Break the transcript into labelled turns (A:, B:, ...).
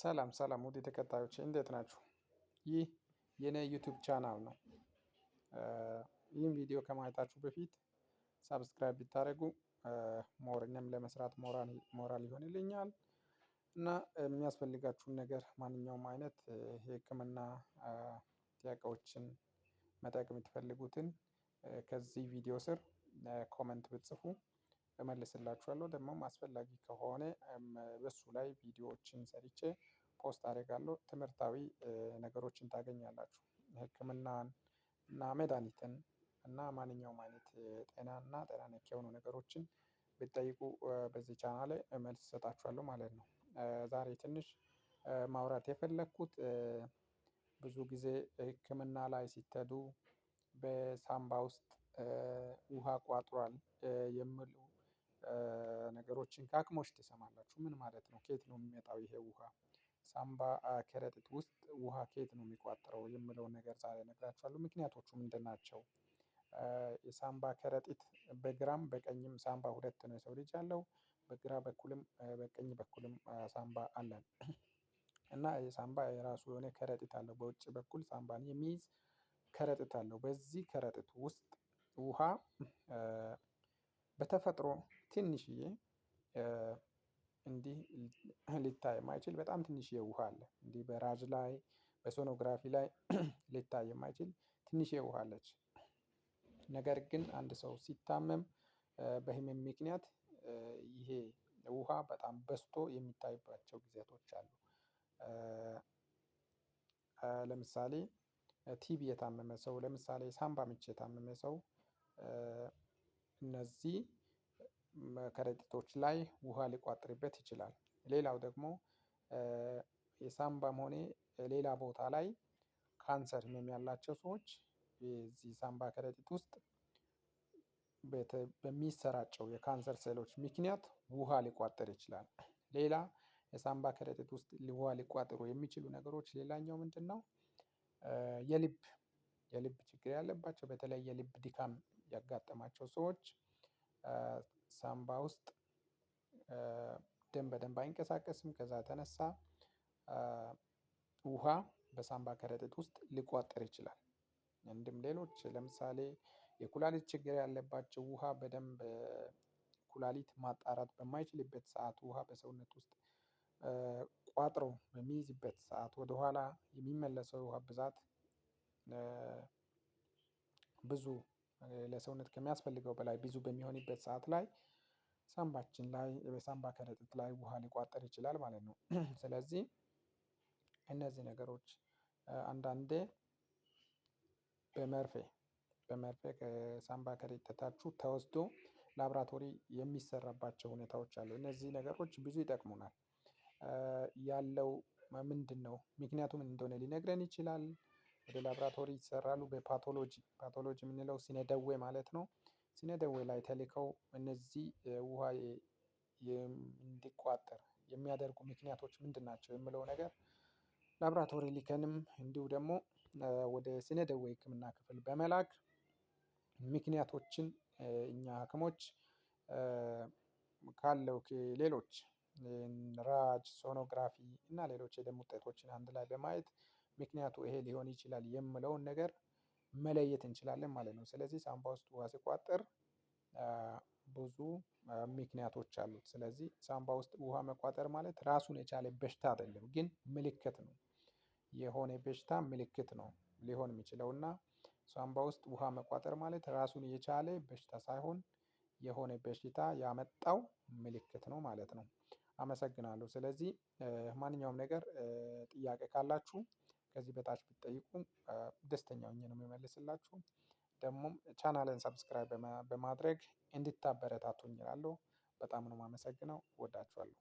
A: ሰላም ሰላም ውድ ተከታዮች እንዴት ናችሁ? ይህ የኔ ዩቱብ ቻናል ነው። ይህም ቪዲዮ ከማየታችሁ በፊት ሳብስክራይብ ብታደርጉ ሞር ለመስራት ሞራል ይሆንልኛል እና የሚያስፈልጋችሁን ነገር ማንኛውም አይነት የሕክምና ጥያቄዎችን መጠቅም የምትፈልጉትን ከዚህ ቪዲዮ ስር ኮመንት ብትጽፉ እመልስላችኋለሁ። ደግሞ አስፈላጊ ከሆነ በሱ ላይ ቪዲዮዎችን ሰርቼ ፖስት አደርጋለሁ። ትምህርታዊ ነገሮችን ታገኛላችሁ። ህክምናን እና መድኃኒትን እና ማንኛውም አይነት ጤና እና ጤና ነክ የሆኑ ነገሮችን ብትጠይቁ በዚህ ቻናል ላይ መልስ እሰጣችኋለሁ ማለት ነው። ዛሬ ትንሽ ማውራት የፈለኩት ብዙ ጊዜ ህክምና ላይ ስትሄዱ በሳምባ ውስጥ ውሃ ቋጥሯል የሚሉ ነገሮችን ከአክሞች ትሰማላችሁ። ምን ማለት ነው? ከየት ነው የሚመጣው ይሄ ውሃ? ሳምባ ከረጢት ውስጥ ውሃ ከየት ነው የሚቋጠረው? የምለውን ነገር ዛሬ እነግራችኋለሁ። ምክንያቶቹ ምንድን ናቸው? የሳምባ ከረጢት በግራም በቀኝም ሳምባ ሁለት ነው የሰው ልጅ ያለው። በግራ በኩልም በቀኝ በኩልም ሳምባ አለን። እና የሳምባ የራሱ የሆነ ከረጢት አለው። በውጭ በኩል ሳምባን የሚይዝ ከረጢት አለው። በዚህ ከረጢት ውስጥ ውሃ በተፈጥሮ ትንሽዬ እንዲህ ሊታይ የማይችል በጣም ትንሽዬ ውሃ አለ። እንዲህ በራጅ ላይ በሶኖግራፊ ላይ ሊታይ የማይችል ትንሽዬ ውሃ አለች። ነገር ግን አንድ ሰው ሲታመም በህመም ምክንያት ይሄ ውሃ በጣም በስቶ የሚታይባቸው ጊዜያቶች አሉ። ለምሳሌ ቲቪ የታመመ ሰው ለምሳሌ ሳምባ ምች የታመመ ሰው እነዚህ ከረጢቶች ላይ ውሃ ሊቋጥርበት ይችላል። ሌላው ደግሞ የሳምባም ሆነ ሌላ ቦታ ላይ ካንሰር ህመም ያላቸው ሰዎች የዚህ ሳምባ ከረጢት ውስጥ በሚሰራጨው የካንሰር ሴሎች ምክንያት ውሃ ሊቋጠር ይችላል። ሌላ የሳምባ ከረጢት ውስጥ ውሃ ሊቋጠሩ የሚችሉ ነገሮች ሌላኛው ምንድነው? የልብ የልብ ችግር ያለባቸው በተለይ የልብ ድካም ያጋጠማቸው ሰዎች ሳምባ ውስጥ ደም በደንብ አይንቀሳቀስም። ከዛ ተነሳ ውሃ በሳምባ ከረጢት ውስጥ ሊቋጠር ይችላል። እንድም ሌሎች ለምሳሌ የኩላሊት ችግር ያለባቸው ውሃ በደንብ ኩላሊት ማጣራት በማይችልበት ሰዓት ውሃ በሰውነት ውስጥ ቋጥሮ በሚይዝበት ሰዓት ወደኋላ የሚመለሰው ውሃ ብዛት ብዙ ለሰውነት ከሚያስፈልገው በላይ ብዙ በሚሆንበት ሰዓት ላይ ሳምባችን ላይ በሳምባ ከረጢት ላይ ውሃ ሊቋጠር ይችላል ማለት ነው። ስለዚህ እነዚህ ነገሮች አንዳንዴ በመርፌ በመርፌ ከሳምባ ከረጢታችሁ ተወስዶ ላብራቶሪ የሚሰራባቸው ሁኔታዎች አሉ እነዚህ ነገሮች ብዙ ይጠቅሙናል። ያለው ምንድነው ምክንያቱም እንደሆነ ሊነግረን ይችላል ወደ ላብራቶሪ ይሰራሉ። በፓቶሎጂ ፓቶሎጂ የምንለው ሲነደዌ ማለት ነው። ሲነደዌ ላይ ተልከው እነዚህ ውሃ እንዲቋጠር የሚያደርጉ ምክንያቶች ምንድን ናቸው የምለው ነገር ላብራቶሪ ሊከንም እንዲሁ ደግሞ ወደ ሲነደዌ ሕክምና ክፍል በመላክ ምክንያቶችን እኛ ሐኪሞች ካለው ሌሎች ራጅ፣ ሶኖግራፊ እና ሌሎች የደም ውጤቶችን አንድ ላይ በማየት ምክንያቱ ይሄ ሊሆን ይችላል የምለውን ነገር መለየት እንችላለን ማለት ነው። ስለዚህ ሳንባ ውስጥ ውሃ ሲቋጠር ብዙ ምክንያቶች አሉት። ስለዚህ ሳምባ ውስጥ ውሃ መቋጠር ማለት ራሱን የቻለ በሽታ አይደለም ግን ምልክት ነው። የሆነ በሽታ ምልክት ነው ሊሆን የሚችለው እና ሳንባ ውስጥ ውሃ መቋጠር ማለት ራሱን የቻለ በሽታ ሳይሆን የሆነ በሽታ ያመጣው ምልክት ነው ማለት ነው። አመሰግናለሁ ስለዚህ ማንኛውም ነገር ጥያቄ ካላችሁ ከዚህ በታች ብትጠይቁ ደስተኛ ሆኜ ነው የሚመልስላችሁ። ደግሞም ቻናልን ሰብስክራይብ በማድረግ እንድታበረታቱኝ እላለሁ። በጣም ነው የማመሰግነው። እወዳችኋለሁ።